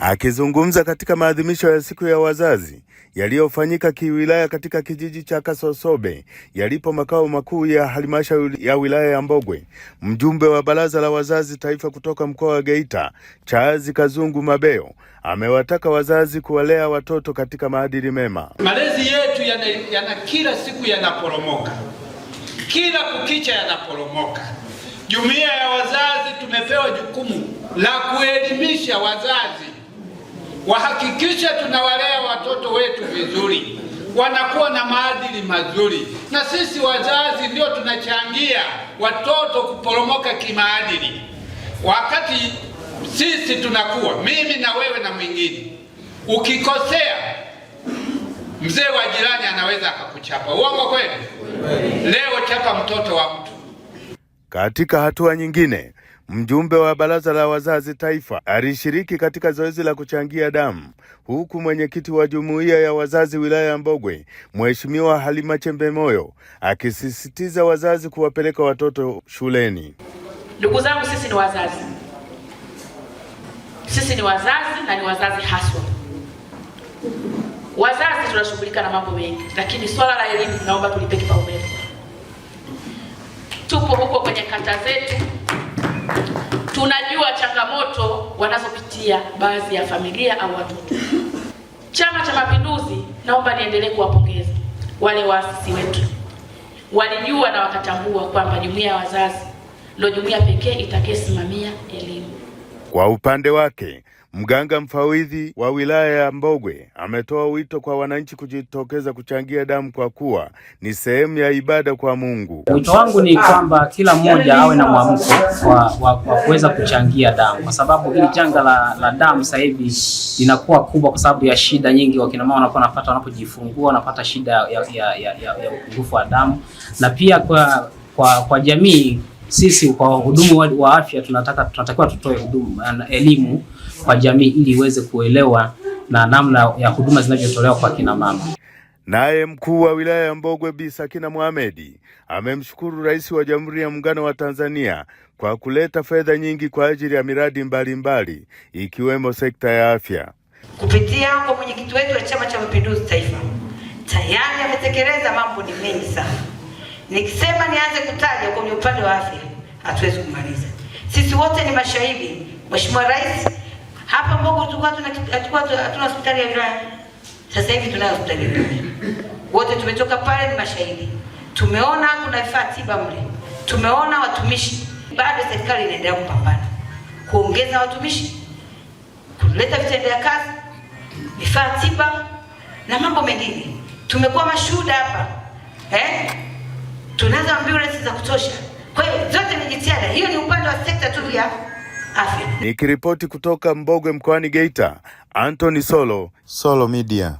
Akizungumza katika maadhimisho ya siku ya wazazi yaliyofanyika kiwilaya katika kijiji cha Kasosobe yalipo makao makuu ya halmashauri ya wilaya ya Mbogwe, mjumbe wa baraza la wazazi taifa kutoka mkoa wa Geita Chaazi Kazungu Mabeo amewataka wazazi kuwalea watoto katika maadili mema. Malezi yetu yana, yana kila siku yanaporomoka, kila kukicha yanaporomoka. Jumuiya ya wazazi tumepewa jukumu la kuelimisha wazazi wahakikishe tunawalea watoto wetu vizuri, wanakuwa na maadili mazuri, na sisi wazazi ndio tunachangia watoto kuporomoka kimaadili. Wakati sisi tunakuwa, mimi na wewe na mwingine, ukikosea mzee wa jirani anaweza akakuchapa. Uongo kweli? Leo chapa mtoto wa mtu katika hatua nyingine, mjumbe wa baraza la wazazi taifa alishiriki katika zoezi la kuchangia damu, huku mwenyekiti wa jumuiya ya wazazi wilaya ya Mbogwe Mheshimiwa Halima Chembe Moyo, akisisitiza wazazi kuwapeleka watoto shuleni. Ndugu zangu, sisi ni wazazi, sisi ni wazazi na ni wazazi haswa. Wazazi tunashughulika na mambo mengi, lakini swala la elimu naomba tulipe kipaumbele. Tupo huko kwenye kata zetu, tunajua changamoto wanazopitia baadhi ya familia au watoto. Chama cha Mapinduzi, naomba niendelee kuwapongeza wale waasisi wetu, walijua na wakatambua kwamba jumuiya ya wazazi ndio jumuiya pekee itakayesimamia elimu. Kwa upande wake Mganga mfawidhi wa wilaya ya Mbogwe ametoa wito kwa wananchi kujitokeza kuchangia damu kwa kuwa ni sehemu ya ibada kwa Mungu. Wito wangu ni kwamba kila mmoja awe na mwamko wa, wa, wa kuweza kuchangia damu kwa sababu hili janga la, la damu sasa hivi linakuwa kubwa kwa sababu ya shida nyingi wakina mama wanapo napata wanapojifungua wanapata shida ya, ya, ya, ya upungufu wa damu na pia kwa, kwa, kwa jamii sisi kwa wahudumu wa afya tunataka tunatakiwa tutoe huduma elimu kwa jamii ili iweze kuelewa na namna ya huduma zinavyotolewa kwa kina mama. Naye mkuu wa wilaya ya Mbogwe Bi Sakina muhamedi amemshukuru Rais wa Jamhuri ya Muungano wa Tanzania kwa kuleta fedha nyingi kwa ajili ya miradi mbalimbali mbali, ikiwemo sekta ya afya. Kupitia kwa mwenyekiti wetu wa Chama cha Mapinduzi Taifa tayari ametekeleza mambo ni mengi sana. Nikisema nianze kutaja kwenye upande wa afya hatuwezi kumaliza. Sisi wote ni mashahidi, Mheshimiwa Rais hapa Mbogo tulikuwa tulikuwa hatuna hospitali ya wilaya, sasa hivi tunayo hospitali ya wilaya. Wote tumetoka pale, ni mashahidi, tumeona kuna vifaa tiba mle, tumeona watumishi. Bado serikali inaendelea kupambana kuongeza watumishi, kuleta vitendea kazi, vifaa tiba na mambo mengine. Tumekuwa mashuhuda hapa eh? Tunazo ambulance za kutosha. Kwa hiyo zote ni jitihada, hiyo ni upande wa sekta tu ya afya. Nikiripoti kutoka Mbogwe mkoani Geita, Anthony Solo, Solo Media.